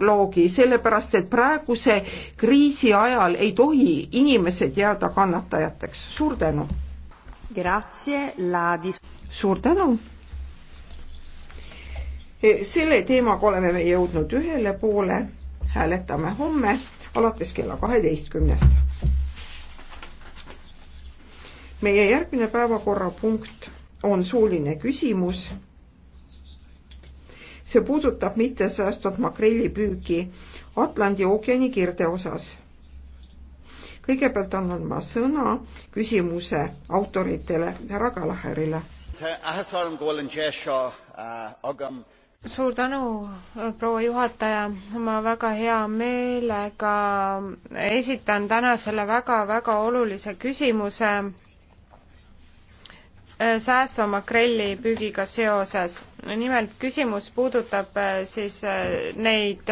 dialoogi, sellepärast et praeguse kriisi ajal ei tohi inimesed jääda kannatajateks. suur tänu! suur tänu! E, selle teemaga oleme me jõudnud ühele poole, hääletame homme alates kella kaheteistkümnest. meie järgmine päevakorrapunkt on suuline küsimus see puudutab mittesäästvat makrellipüügi Atlandi ookeani kirdeosas. kõigepealt annan ma sõna küsimuse autoritele, härra Kalaherile. suur tänu, proua juhataja, ma väga hea meelega esitan täna selle väga-väga olulise küsimuse Äh, säästva makrelli püügiga seoses. nimelt küsimus puudutab äh, siis äh, neid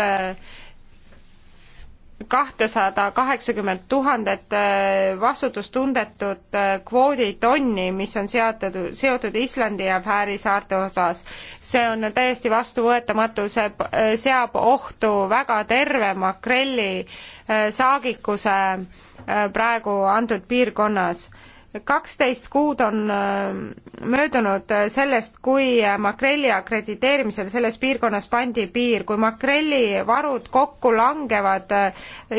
kahtesada kaheksakümmend tuhandet vastutustundetut kvooditonni, mis on seatud, seotud Islandi ja Fääri saarte osas. see on täiesti vastuvõetamatu, see seab ohtu väga terve makrelli saagikuse praegu antud piirkonnas kaksteist kuud on äh, möödunud äh, sellest, kui äh, makrelli akrediteerimisel selles piirkonnas pandi piir, kui makrellivarud kokku langevad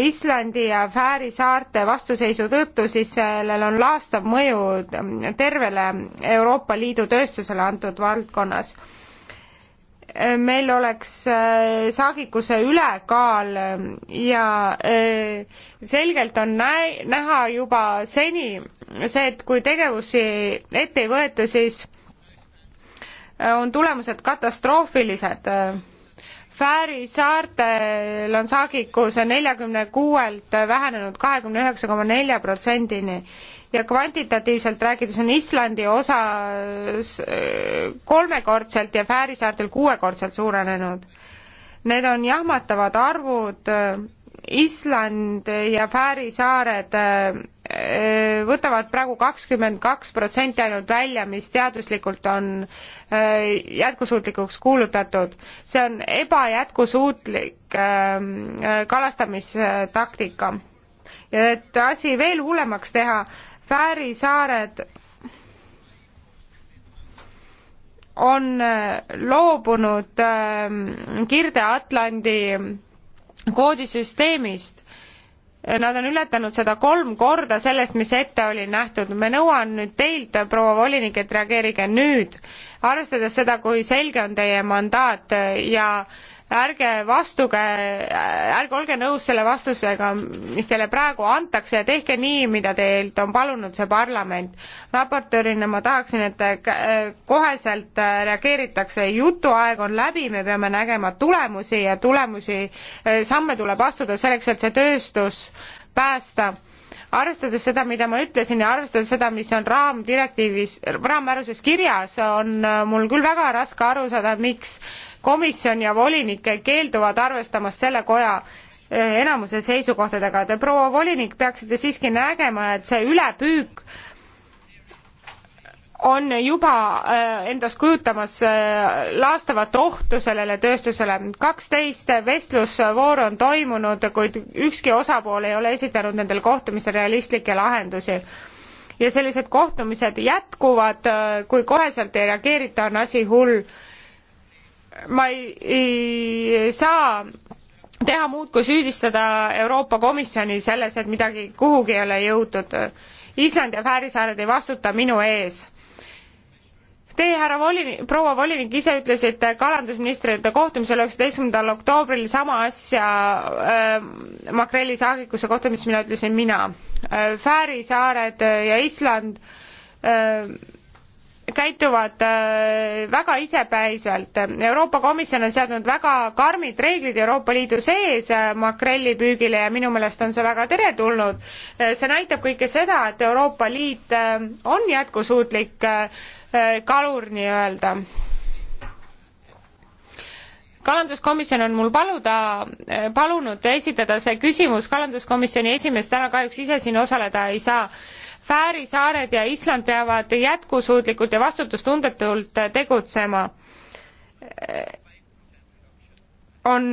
Islandi ja Fääri saarte vastuseisu tõttu, siis sellel on laastav mõju tervele Euroopa Liidu tööstusele antud valdkonnas meil oleks äh, saagikuse ülekaal ja äh, selgelt on näe-, näha juba seni see, et kui tegevusi ette ei võeta, siis äh, on tulemused katastroofilised Fääri saartel on saagikus neljakümne kuuelt vähenenud kahekümne üheksa koma nelja protsendini ja kvantitatiivselt rääkides on Islandi osas kolmekordselt ja Fääri saartel kuuekordselt suurenenud. Need on jahmatavad arvud, Island ja Fääri saared Äh, võtavad praegu kakskümmend kaks protsenti ainult välja, mis teaduslikult on äh, jätkusuutlikuks kuulutatud. see on ebajätkusuutlik äh, kalastamistaktika. ja et asi veel hullemaks teha, Fääri saared on loobunud Kirde-Atlandi koodisüsteemist Nad on ületanud seda kolm korda sellest, mis ette oli nähtud. me nõuan nüüd teilt, proua volinik, et reageerige nüüd, arvestades seda, kui selge on teie mandaat ja äh, ärge vastuge, ärge olge nõus selle vastusega, mis teile praegu antakse ja tehke nii, mida teilt on palunud see parlament. raportöörina ma tahaksin, et koheselt reageeritakse, jutuaeg on läbi, me peame nägema tulemusi ja tulemusi, samme tuleb astuda selleks, et see tööstus päästa arvestades seda, mida ma ütlesin ja arvestades seda, mis on raamdirektiivis, raammääruses kirjas, on mul küll väga raske aru saada, miks komisjon ja volinik keelduvad arvestamast selle koja eh, enamuse seisukohtadega. Te, proua volinik, peaksite siiski nägema, et see ülepüük on juba eh, endas kujutamas eh, laastavat ohtu sellele tööstusele. kaksteist vestlusvooru on toimunud, kuid ükski osapool ei ole esitanud nendel kohtumistel realistlikke lahendusi. ja sellised kohtumised jätkuvad, kui koheselt ei reageerita, on asi hull ma ei, ei saa teha muud, kui süüdistada Euroopa Komisjoni selles, et midagi kuhugi ei ole jõutud. Island ja Fääri saared ei vastuta minu ees. Teie, härra volinik, proua volinik, ise ütlesite kalandusministrite kohtumisel üheksateistkümnendal oktoobril sama asja äh, makrelli saagikuse kohta, mis mina ütlesin mina äh,. Fääri saared ja Island äh, käituvad äh, väga isepäiselt. Euroopa Komisjon on seadnud väga karmid reeglid Euroopa Liidu sees äh, makrellipüügile ja minu meelest on see väga teretulnud. Äh, see näitab kõike seda, et Euroopa Liit on jätkusuutlik kalur nii-öelda kalanduskomisjon on mul paluda, eh, palunud esitada see küsimus, kalanduskomisjoni esimees täna kahjuks ise siin osaleda ei saa. Fääri saared ja Island peavad jätkusuutlikult ja vastutustundetult tegutsema. Eh, on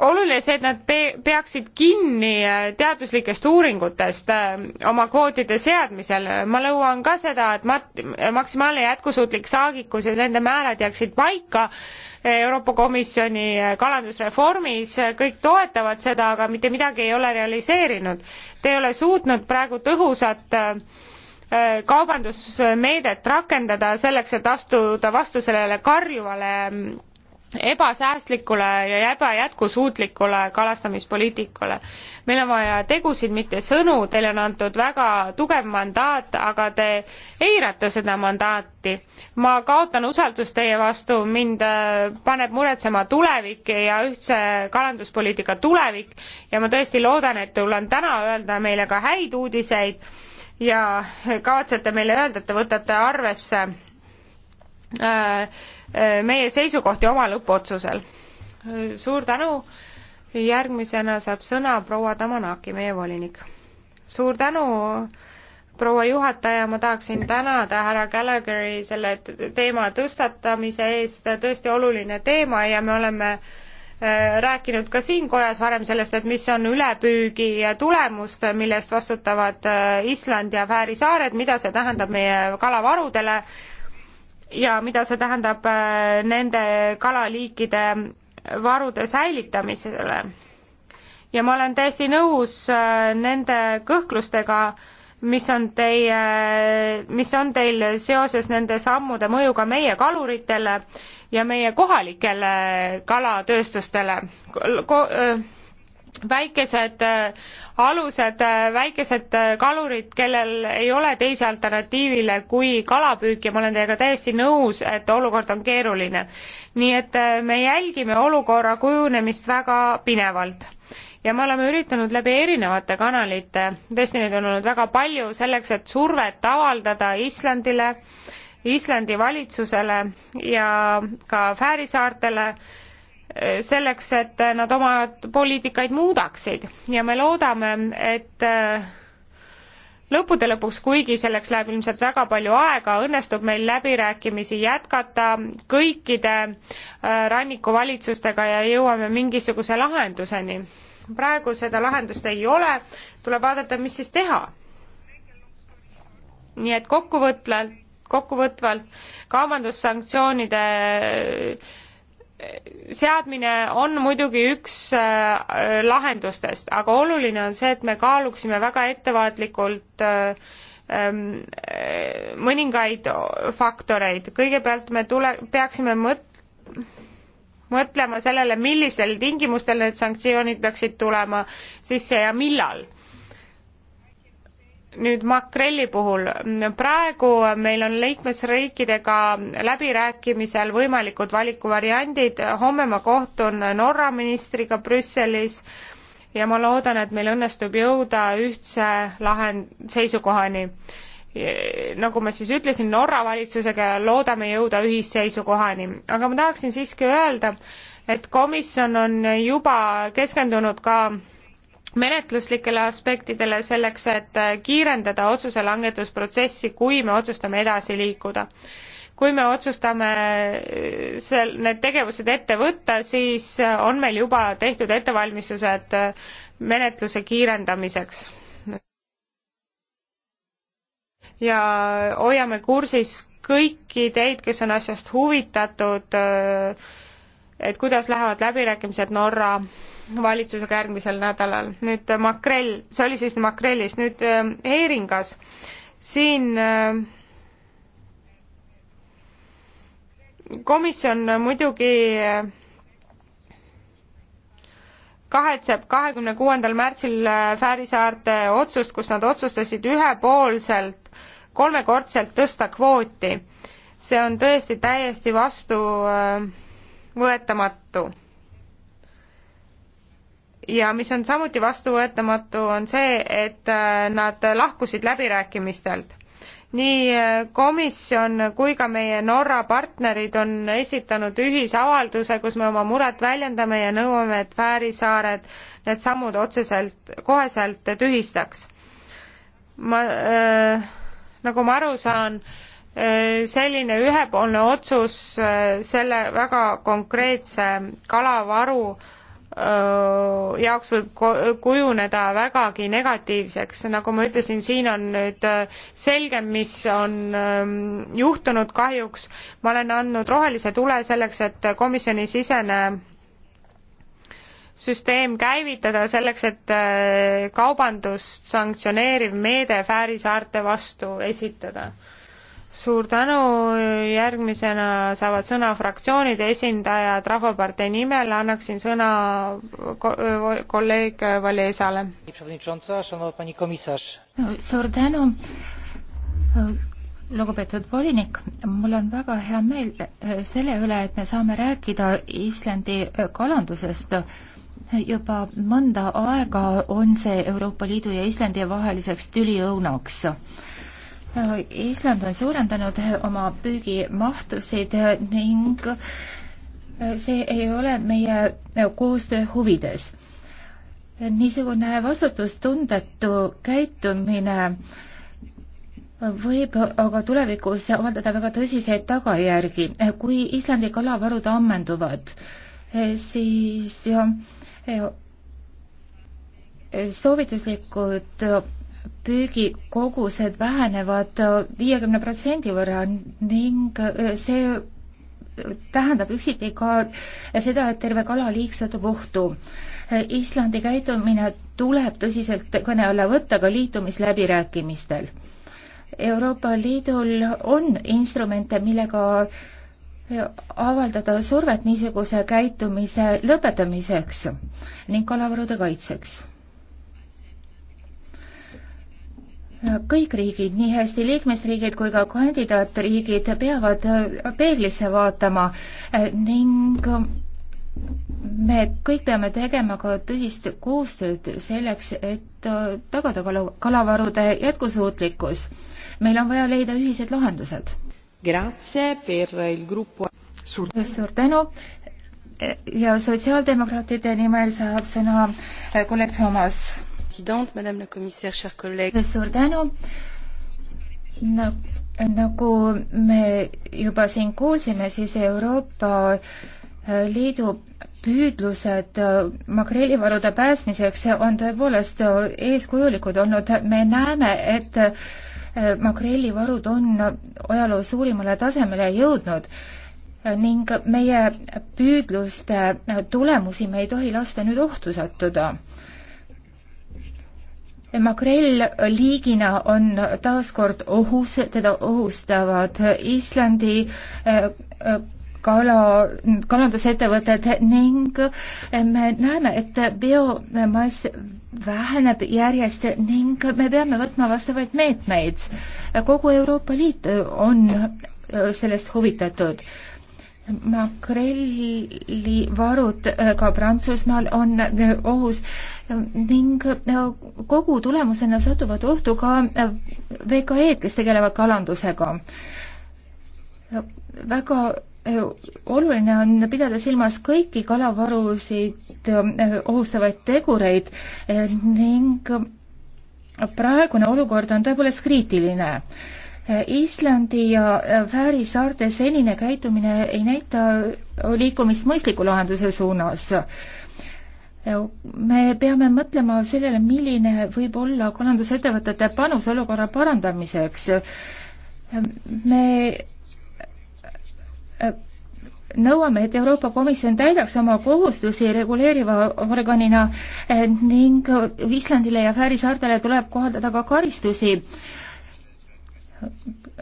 oluline see, et nad pe-, peaksid kinni äh, teaduslikest uuringutest äh, oma kvootide seadmisel. ma lõuan ka seda, et mat-, maksimaalne jätkusuutlik saagikus ja nende määrad jääksid paika äh, Euroopa Komisjoni kalandusreformis, kõik toetavad seda, aga mitte midagi ei ole realiseerinud. Te ei ole suutnud praegu tõhusat kaubandusmeedet rakendada selleks, et astuda vastu sellele karjuvale mm, ebasäästlikule ja ebajätkusuutlikule kalastamispoliitikule. meil on vaja tegusid, mitte sõnu, teile on antud väga tugev mandaat, aga te eirate seda mandaati. ma kaotan usaldust teie vastu, mind äh, paneb muretsema tulevik ja ühtse kalanduspoliitika tulevik ja ma tõesti loodan, et teil on täna öelda meile ka häid uudiseid ja kavatsete meile öelda, et te võtate arvesse äh, meie seisukohti oma lõppotsusel. suur tänu, järgmisena saab sõna proua Tamanaki, meie volinik. suur tänu, proua juhataja, ma tahaksin tänada härra Gallagheri selle teema tõstatamise eest, tõesti oluline teema ja me oleme äh, rääkinud ka siin kojas varem sellest, et mis on ülepüügi tulemust, mille eest vastutavad äh, Island ja Fääri saared, mida see tähendab meie kalavarudele ja mida see tähendab äh, nende kalaliikide varude säilitamisele. ja ma olen täiesti nõus äh, nende kõhklustega, mis on teie, mis on teil seoses nende sammude mõjuga meie kaluritele ja meie kohalikele kalatööstustele ko,? Ko, äh, väikesed äh, alused, äh, väikesed äh, kalurid, kellel ei ole teise alternatiivile kui kalapüük ja ma olen teiega täiesti nõus, et olukord on keeruline. nii et me jälgime olukorra kujunemist väga pinevalt ja me oleme üritanud läbi erinevate kanalite, tõesti neid on olnud väga palju, selleks et survet avaldada Islandile, Islandi valitsusele ja ka Fääri saartele selleks, et nad oma poliitikaid muudaksid ja me loodame, et äh, lõppude lõpuks, kuigi selleks läheb ilmselt väga palju aega, õnnestub meil läbirääkimisi jätkata kõikide äh, rannikuvalitsustega ja jõuame mingisuguse lahenduseni. praegu seda lahendust ei ole, tuleb vaadata, mis siis teha. nii et kokkuvõtvalt, kokkuvõtvalt kaubandussanktsioonide seadmine on muidugi üks äh, lahendustest, aga oluline on see, et me kaaluksime väga ettevaatlikult äh, ähm, äh, mõningaid faktoreid. kõigepealt me tule-, peaksime mõt-, mõtlema sellele, millistel tingimustel need sanktsioonid peaksid tulema sisse ja millal nüüd makrelli puhul, praegu meil on liikmesriikidega läbirääkimisel võimalikud valikuvariandid, homme ma kohtun Norra ministriga Brüsselis ja ma loodan, et meil õnnestub jõuda ühtse lahend-, seisukohani. nagu ma siis ütlesin, Norra valitsusega loodame jõuda ühisseisukohani, aga ma tahaksin siiski öelda, et komisjon on juba keskendunud ka menetluslikele aspektidele selleks, et kiirendada otsuse langetusprotsessi, kui me otsustame edasi liikuda. kui me otsustame äh, sel-, need tegevused ette võtta, siis äh, on meil juba tehtud ettevalmistused äh, menetluse kiirendamiseks. ja hoiame kursis kõiki teid, kes on asjast huvitatud äh, et kuidas lähevad läbirääkimised Norra valitsusega järgmisel nädalal. nüüd äh, makrell, see oli siis makrellis, nüüd äh, heeringas, siin äh, komisjon muidugi kahetseb kahekümne kuuendal märtsil Fääri saarte otsust, kus nad otsustasid ühepoolselt kolmekordselt tõsta kvooti. see on tõesti täiesti vastu äh, võetamatu. ja mis on samuti vastuvõetamatu, on see, et äh, nad lahkusid läbirääkimistelt. nii äh, komisjon kui ka meie Norra partnerid on esitanud ühisavalduse, kus me oma muret väljendame ja nõuame, et Fääri saared need sammud otseselt, koheselt tühistaks. ma äh,, nagu ma aru saan, Äh, selline ühepoolne otsus äh, selle väga konkreetse kalavaru äh, jaoks võib kujuneda vägagi negatiivseks, nagu ma ütlesin, siin on nüüd selgem, mis on ähm, juhtunud kahjuks. ma olen andnud rohelise tule selleks, et komisjoni sisene süsteem käivitada selleks, et kaubandust sanktsioneeriv meede Fääri saarte vastu esitada suur tänu, järgmisena saavad sõna fraktsioonide esindajad, Rahvapartei nimel annaksin sõna ko kolleeg Valesale. suur tänu, lugupeetud volinik, mul on väga hea meel e, selle üle, et me saame rääkida Islandi e, kalandusest juba mõnda aega on see Euroopa Liidu ja Islandi vaheliseks tüliõunaks Island on suurendanud oma püügimahtusid ning see ei ole meie koostöö huvides. niisugune vastutustundetu käitumine võib aga tulevikus avaldada väga tõsiseid tagajärgi. kui Islandi kalavarud ammenduvad, siis soovituslikud püügikogused vähenevad viiekümne protsendi võrra ning äh, see tähendab üksiti ka seda, et terve kalaliik satub ohtu. Islandi käitumine tuleb tõsiselt kõne alla võtta ka liitumisläbirääkimistel. Euroopa Liidul on instrumente, millega avaldada survet niisuguse käitumise lõpetamiseks ning kalavarude kaitseks kõik riigid, nii hästi liikmesriigid kui ka kandidaatriigid peavad äh, peeglisse vaatama äh, ning äh, me kõik peame tegema ka tõsist koostööd selleks, et tagada kala, kalavarude jätkusuutlikkus. meil on vaja leida ühised lahendused. suur, suur tänu ja sotsiaaldemokraatide nimel saab sõna kolleeg Toomas suur tänu no,. nagu me juba siin kuulsime, siis Euroopa äh, Liidu püüdlused äh, makrellivarude päästmiseks on tõepoolest äh, eeskujulikud olnud. me näeme, et makrellivarud on ajaloo suurimale tasemele jõudnud ning meie püüdluste tulemusi me ei tohi lasta nüüd ohtu sattuda makrell liigina on taaskord ohus, teda ohustavad Islandi eh, eh, kala, kalandusettevõtted ning eh, me näeme, et biomass väheneb järjest ning me peame võtma vastavaid meetmeid. kogu Euroopa Liit on sellest huvitatud makrelli varud äh, ka Prantsusmaal on äh, ohus ning äh, kogu tulemusena satuvad ohtu ka VKE-d, kes tegelevad kalandusega. väga oluline on pidada silmas kõiki kalavarusid ohustavaid tegureid ning praegune olukord on tõepoolest kriitiline Islandi ja äh, Fääri saarte senine käitumine ei näita liikumist mõistliku lahenduse suunas. me peame mõtlema sellele, milline võib olla kalandusettevõtete panus olukorra parandamiseks. me äh, nõuame, et Euroopa Komisjon täidaks oma kohustusi reguleeriva organina äh, ning Islandile ja Fääri saartele tuleb kohaldada ka karistusi.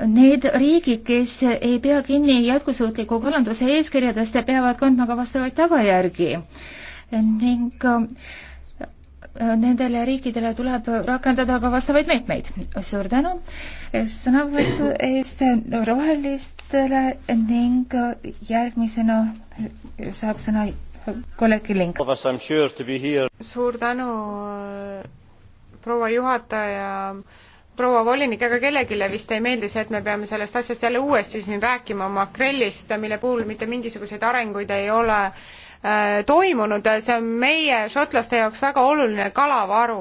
Need riigid, kes ei pea kinni jätkusuutliku kalanduse eeskirjadest, peavad kandma ka vastavaid tagajärgi ning äh, nendele riikidele tuleb rakendada ka vastavaid meetmeid. suur tänu sõnavõtu eest rohelistele ning järgmisena saab sõna kolleeg Link. suur tänu, proua juhataja proua volinik, aga kellelegi vist ei meeldi see, et me peame sellest asjast jälle uuesti siin rääkima, makrellist, mille puhul mitte mingisuguseid arenguid ei ole äh, toimunud, see on meie, šotlaste jaoks väga oluline kalavaru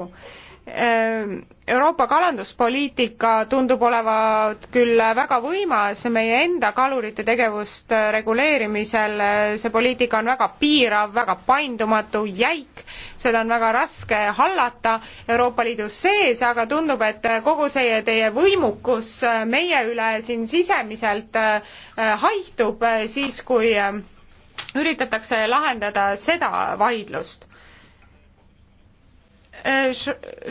Ehm, Euroopa kalanduspoliitika tundub olevat küll väga võimas meie enda kalurite tegevust äh, reguleerimisel, äh, see poliitika on väga piirav, väga paindumatu, jäik, seda on väga raske hallata Euroopa Liidu sees, aga tundub, et äh, kogu see teie võimukus meie üle siin sisemiselt haihtub siis, kui üritatakse lahendada seda vaidlust Äh,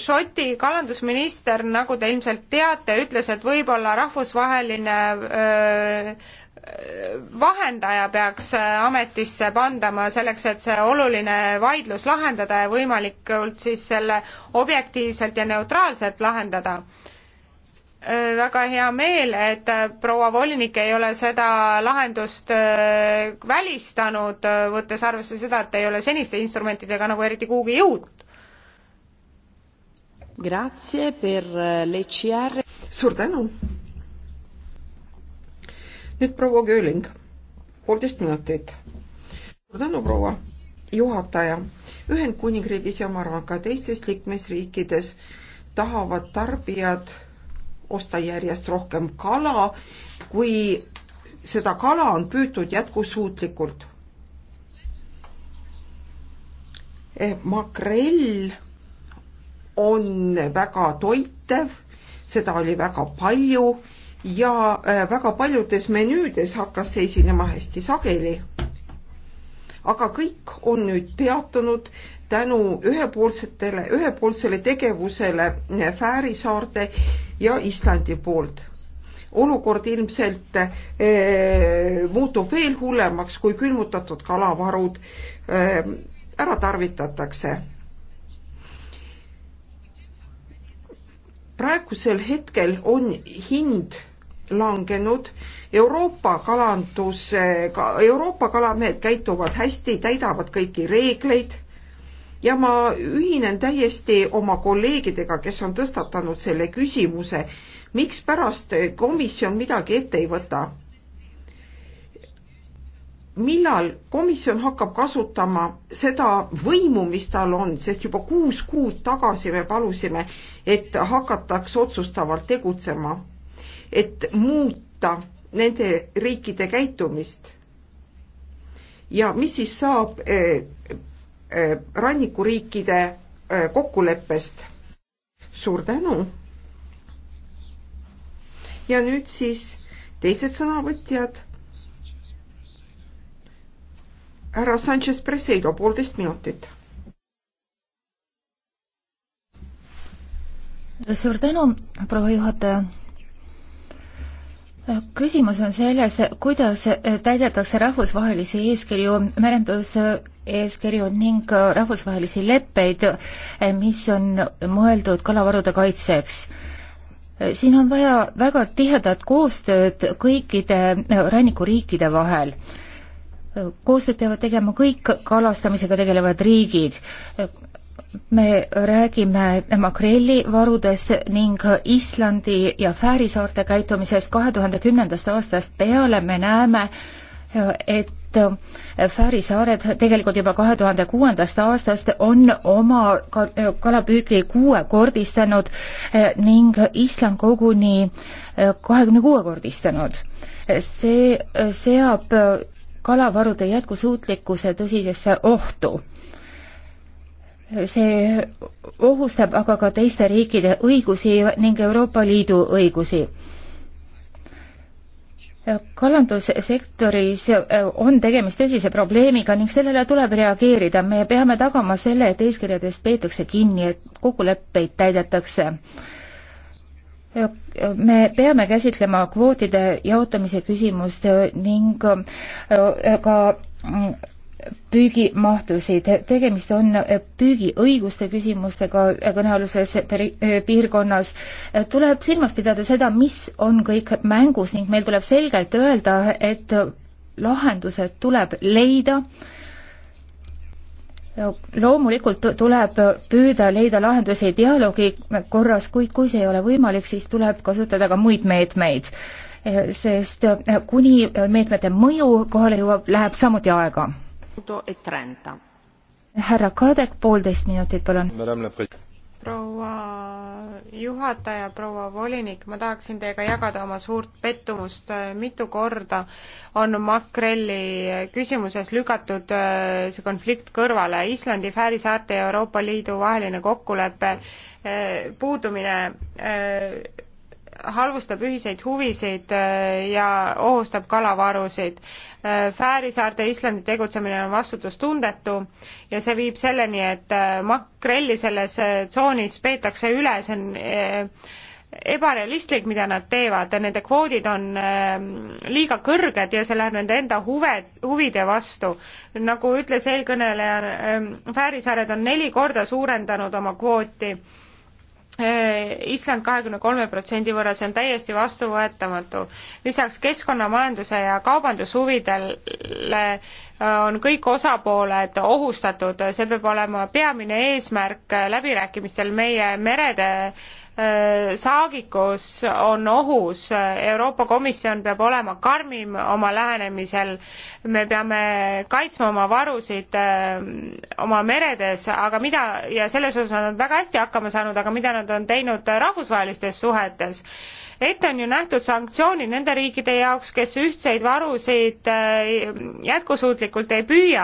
Šoti kalandusminister, nagu te ilmselt teate, ütles, et võib-olla rahvusvaheline öö, äh, vahendaja peaks äh, ametisse pandama selleks, et see oluline vaidlus lahendada ja võimalikult siis selle objektiivselt ja neutraalselt lahendada. väga hea meel, et proua volinik ei ole seda lahendust välistanud, võttes arvesse seda, et ei ole seniste instrumentidega nagu eriti kuhugi jõudnud Grazie per eh, l'ECR. suur tänu. nüüd proua Kööling, poolteist minutit. suur tänu, proua juhataja. Ühendkuningriigis ja ma arvan ka teistes liikmesriikides tahavad tarbijad osta järjest rohkem kala, kui seda kala on püütud jätkusuutlikult. Eh, makrell on väga toitev, seda oli väga palju ja äh, väga paljudes menüüdes hakkas see esinema hästi sageli. aga kõik on nüüd peatunud tänu ühepoolsetele, ühepoolsele tegevusele äh, Fääri saarte ja Islandi poolt olukord ilmselt e, muutub veel hullemaks, kui külmutatud kalavarud e, ära tarvitatakse praegusel hetkel on hind langenud. Euroopa kalandus, Euroopa kalamehed käituvad hästi, täidavad kõiki reegleid ja ma ühinen täiesti oma kolleegidega, kes on tõstatanud selle küsimuse, mikspärast komisjon midagi ette ei võta millal komisjon hakkab kasutama seda võimu, mis tal on, sest juba kuus kuud tagasi me palusime, et hakataks otsustavalt tegutsema, et muuta nende riikide käitumist. ja mis siis saab eh, eh, rannikuriikide eh, kokkuleppest? suur tänu! ja nüüd siis teised sõnavõtjad härra Sanchez Preseido, poolteist minutit. suur tänu, proua juhataja küsimus on selles, kuidas täidetakse rahvusvahelisi eeskirju, merenduseeskirju ning rahvusvahelisi leppeid, mis on mõeldud kalavarude kaitseks. siin on vaja väga tihedat koostööd kõikide rannikuriikide vahel koostööd peavad tegema kõik kalastamisega tegelevad riigid. me räägime makrelli varudest ning Islandi ja Fääri saarte käitumisest kahe tuhande kümnendast aastast peale me näeme, et Fääri saared tegelikult juba kahe tuhande kuuendast aastast on oma kalapüügi kuuekordistanud ning Island koguni kahekümne kuuekordistanud. see seab kalavarude jätkusuutlikkuse tõsisesse ohtu. see ohustab aga ka teiste riikide õigusi ning Euroopa Liidu õigusi kalandussektoris on tegemist tõsise probleemiga ning sellele tuleb reageerida. me peame tagama selle, et eeskirjadest peetakse kinni, et kokkuleppeid täidetakse me peame käsitlema kvootide jaotamise küsimust ning äh, ka mm, püügimahtusid, tegemist on püügiõiguste küsimustega kõnealuses äh, piirkonnas. tuleb silmas pidada seda, mis on kõik mängus ning meil tuleb selgelt öelda, et lahendused tuleb leida äh, loomulikult tuleb püüda leida lahendusi dialoogi korras, kuid kui see ei ole võimalik, siis tuleb kasutada ka muid meetmeid. sest kuni meetmete mõju kohale jõuab, läheb samuti aega. E härra Kadek, poolteist minutit, palun proua juhataja, proua volinik, ma tahaksin teiega jagada oma suurt pettumust. mitu korda on makrelli küsimuses lükatud äh, see konflikt kõrvale. Islandi, Fääri saarte ja Euroopa Liidu vaheline kokkulepe äh, puudumine äh, halvustab ühiseid huvisid äh, ja ohustab kalavarusid. Äh, Fääri saarte Islandi tegutsemine on vastutustundetu ja see viib selleni, et äh, makrelli selles tsoonis peetakse üle, see on ebarealistlik, mida nad teevad, nende kvoodid on liiga kõrged ja see läheb nende enda huve, huvide vastu. nagu ütles eelkõneleja, Fääri saared on neli korda suurendanud oma kvooti Äh, Island kahekümne kolme protsendi võrra, see on täiesti vastuvõetamatu. lisaks keskkonnamajanduse ja kaubandushuvidele äh, on kõik osapooled ohustatud, see peab olema peamine eesmärk äh, läbirääkimistel meie merede Äh, saagikus on ohus, Euroopa Komisjon peab olema karmim oma lähenemisel, me peame kaitsma oma varusid äh, oma meredes, aga mida, ja selles osas on nad väga hästi hakkama saanud, aga mida nad on teinud rahvusvahelistes suhetes? ette on ju nähtud sanktsioonid nende riikide jaoks, kes ühtseid varusid äh, jätkusuutlikult ei püüa,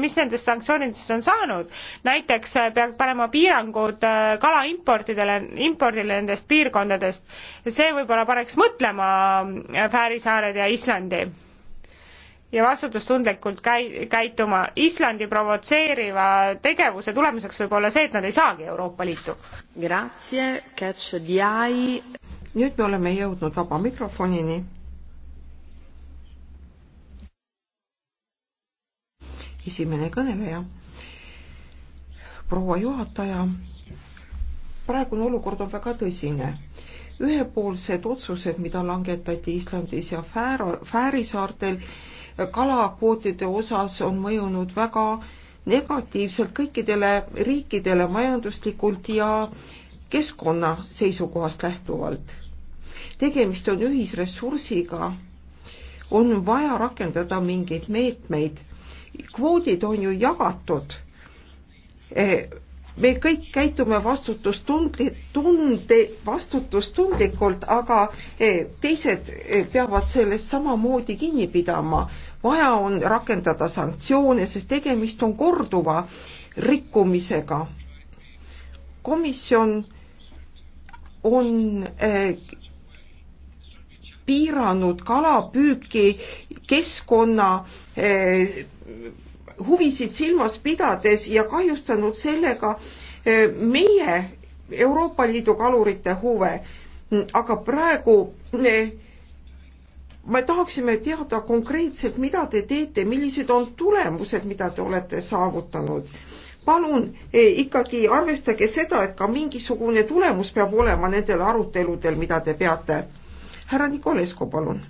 mis nendest sanktsioonidest on saanud? näiteks peab panema piirangud kalaimportidele, import transpordile nendest piirkondadest. see võib-olla paneks mõtlema äh, Fääri saared ja Islandi ja vastutustundlikult käi-, käituma. Islandi provotseeriva tegevuse tulemuseks võib olla see, et nad ei saagi Euroopa Liitu. nüüd me oleme jõudnud vaba mikrofonini. esimene kõneleja, proua juhataja, praegune olukord on väga tõsine. ühepoolsed otsused, mida langetati Islandis ja Fääro, Fääri saartel kalakvootide osas on mõjunud väga negatiivselt kõikidele riikidele majanduslikult ja keskkonna seisukohast lähtuvalt. tegemist on ühisressursiga, on vaja rakendada mingeid meetmeid. kvoodid on ju jagatud eh, me kõik käitume vastutustunde, tunde, vastutustundlikult, aga eh, teised eh, peavad sellest samamoodi kinni pidama. vaja on rakendada sanktsioone, sest tegemist on korduva rikkumisega. komisjon on eh, piiranud kalapüüki keskkonna huvisid silmas pidades ja kahjustanud sellega eh, meie Euroopa Liidu kalurite huve. aga praegu eh, me tahaksime teada konkreetselt, mida te teete, millised on tulemused, mida te olete saavutanud. palun eh, ikkagi arvestage seda, et ka mingisugune tulemus peab olema nendel aruteludel, mida te peate. härra Nikolesko, palun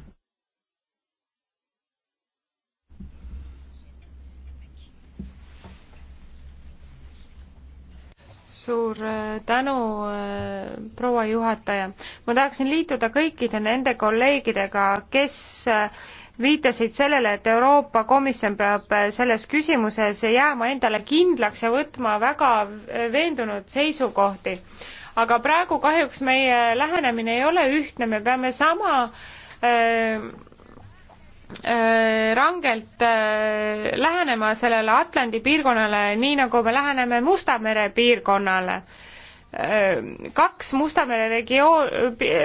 suur äh, tänu, äh, proua juhataja. ma tahaksin liituda kõikide nende kolleegidega, kes äh, viitasid sellele, et Euroopa Komisjon peab selles küsimuses jääma endale kindlaks ja võtma väga veendunud seisukohti. aga praegu kahjuks meie lähenemine ei ole ühtne, me peame sama öö, Äh, rangelt äh, lähenema sellele Atlandi piirkonnale, nii nagu me läheneme Musta mere piirkonnale. Äh, kaks Musta mere regioon,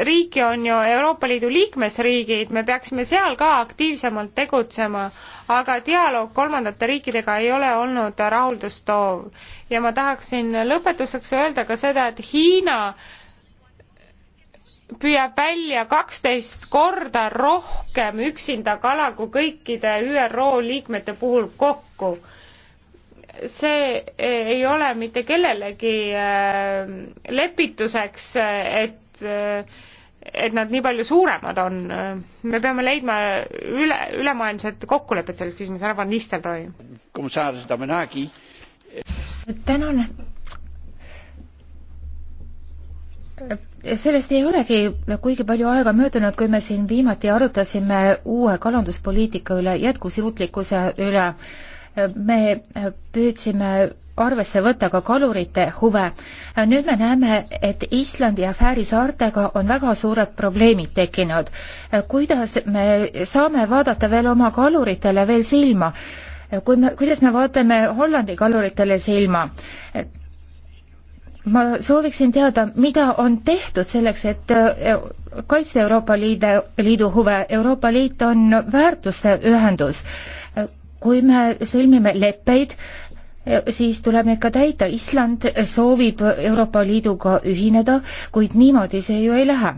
riiki on ju Euroopa Liidu liikmesriigid, me peaksime seal ka aktiivsemalt tegutsema, aga dialoog kolmandate riikidega ei ole olnud rahuldustoov. ja ma tahaksin lõpetuseks öelda ka seda, et Hiina äh, püüab välja kaksteist korda rohkem üksinda kala kui kõikide ÜRO liikmete puhul kokku. see eh, ei ole mitte kellelegi eh, lepituseks, eh, et et nad nii palju suuremad on. me peame leidma üle, ülemaailmsed kokkulepped selles küsimuses, härra Van Nistelrooy. tänan Äh, sellest ei olegi kuigi palju aega möödunud, kui me siin viimati arutasime uue kalanduspoliitika üle, jätkusuutlikkuse üle. Äh, me äh, püüdsime arvesse võtta ka kalurite huve. nüüd me näeme, et Islandi ja Fääri saartega on väga suured probleemid tekkinud. kuidas me saame vaadata veel oma kaluritele veel silma? kui me, kuidas me vaatame Hollandi kaluritele silma? ma sooviksin teada, mida on tehtud selleks, et äh, kaitsta Euroopa Liide, Liidu huve. Euroopa Liit on väärtuste ühendus. kui me sõlmime leppeid, äh, siis tuleb need ka täita. Island soovib Euroopa Liiduga ühineda, kuid niimoodi see ju ei lähe.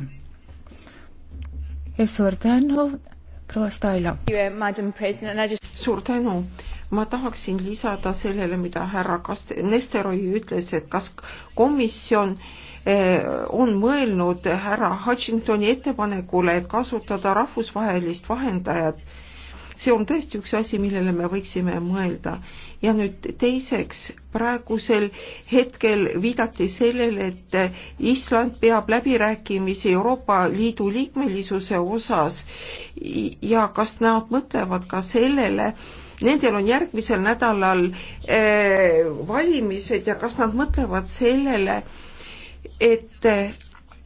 suur tänu, proua Stailo. suur tänu ma tahaksin lisada sellele, mida härra Kast-, Nesteroi ütles, et kas komisjon eh, on mõelnud härra Hutchingtoni ettepanekule, et kasutada rahvusvahelist vahendajat. see on tõesti üks asi, millele me võiksime mõelda ja nüüd teiseks, praegusel hetkel viidati sellele, et Island peab läbirääkimisi Euroopa Liidu liikmelisuse osas ja kas nad mõtlevad ka sellele, Nendel on järgmisel nädalal äh, valimised ja kas nad mõtlevad sellele, et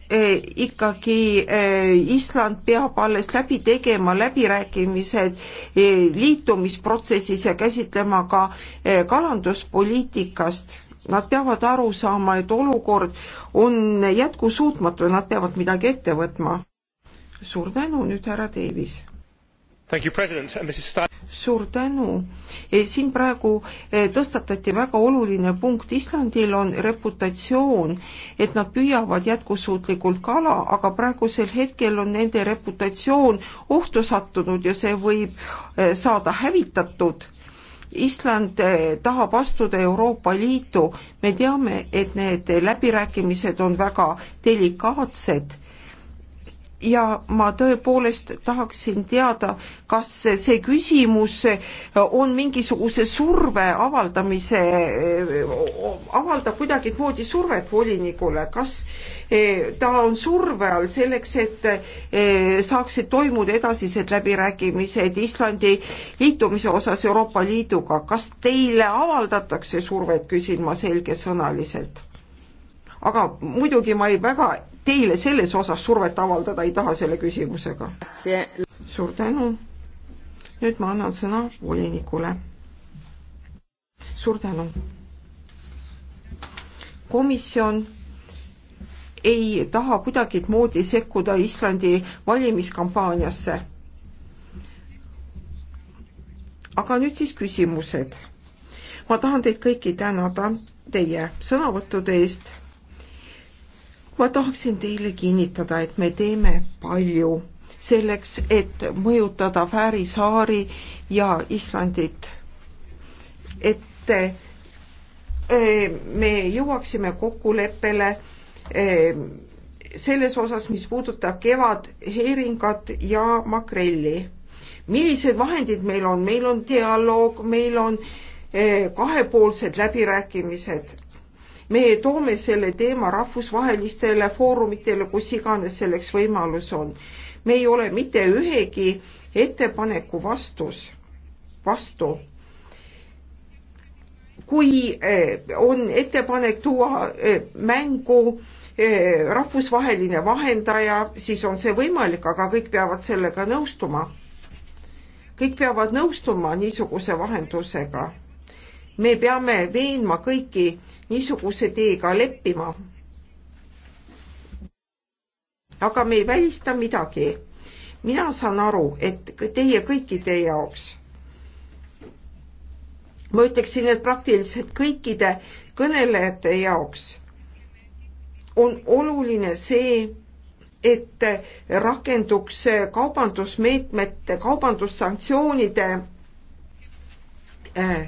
Eh, ikkagi eh, Island peab alles läbi tegema läbirääkimised eh, liitumisprotsessis ja käsitlema ka kalanduspoliitikast. Nad peavad aru saama, et olukord on jätkusuutmatu ja nad peavad midagi ette võtma. suur tänu, nüüd härra Davis. Thank you, president suur tänu. E, siin praegu e, tõstatati väga oluline punkt, Islandil on reputatsioon, et nad püüavad jätkusuutlikult kala, aga praegusel hetkel on nende reputatsioon ohtu sattunud ja see võib e, saada hävitatud Island tahab astuda Euroopa Liitu, me teame, et need läbirääkimised on väga delikaatsed ja ma tõepoolest tahaksin teada, kas see küsimus on mingisuguse surve avaldamise, avaldab kuidagimoodi survet volinikule, kas eh, ta on surve all selleks, et eh, saaksid toimuda edasised läbirääkimised Islandi liitumise osas Euroopa Liiduga, kas teile avaldatakse survet, küsin ma selgesõnaliselt aga muidugi ma ei väga teile selles osas survet avaldada ei taha selle küsimusega. suur tänu. nüüd ma annan sõna volinikule. suur tänu. komisjon ei taha kuidagimoodi sekkuda Islandi valimiskampaaniasse. aga nüüd siis küsimused. ma tahan teid kõiki tänada teie sõnavõttude eest ma tahaksin teile kinnitada, et me teeme palju selleks, et mõjutada Fääri saari ja Islandit. et eh, me jõuaksime kokkuleppele eh, selles osas, mis puudutab kevadheeringat ja makrelli. millised vahendid meil on, meil on dialoog, meil on eh, kahepoolsed läbirääkimised me toome selle teema rahvusvahelistele foorumitele, kus iganes selleks võimalus on. me ei ole mitte ühegi ettepaneku vastus, vastu kui eh, on ettepanek tuua eh, mängu eh, rahvusvaheline vahendaja, siis on see võimalik, aga kõik peavad sellega nõustuma. kõik peavad nõustuma niisuguse vahendusega me peame veenma kõiki niisuguse teega leppima. aga me ei välista midagi. mina saan aru, et teie kõikide jaoks, ma ütleksin, et praktiliselt kõikide kõnelejate jaoks on oluline see, et rakenduks kaubandusmeetmete, kaubandussanktsioonide äh,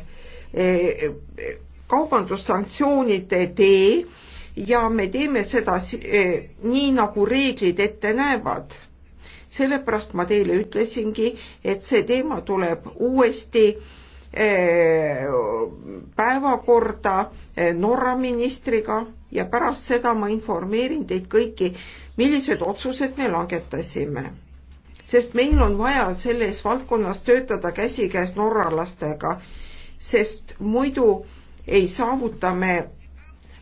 kaubandussanktsioonide tee ja me teeme seda eh, nii, nagu reeglid ette näevad. sellepärast ma teile ütlesingi, et see teema tuleb uuesti eh, päevakorda eh, Norra ministriga ja pärast seda ma informeerin teid kõiki, millised otsused me langetasime. sest meil on vaja selles valdkonnas töötada käsikäes norralastega sest muidu ei saavuta me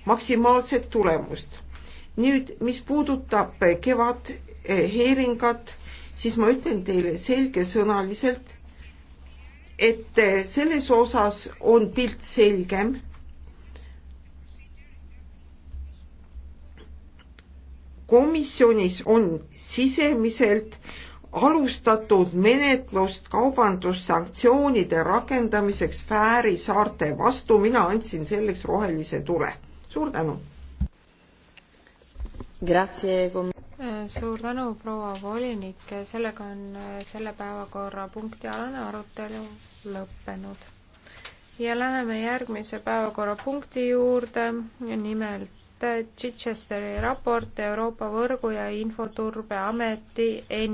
maksimaalset tulemust. nüüd, mis puudutab kevadheeringat, eh, siis ma ütlen teile selgesõnaliselt, et eh, selles osas on pilt selgem. komisjonis on sisemiselt äh, alustatud menetlust kaubandussanktsioonide rakendamiseks Fääri saarte vastu, mina andsin selleks rohelise tule. suur tänu! suur tänu, proua volinik, sellega on selle päevakorrapunkti alane arutelu lõppenud. ja läheme järgmise päevakorrapunkti juurde, nimelt Chichesteri raport Euroopa Võrgu- ja Infoturbeameti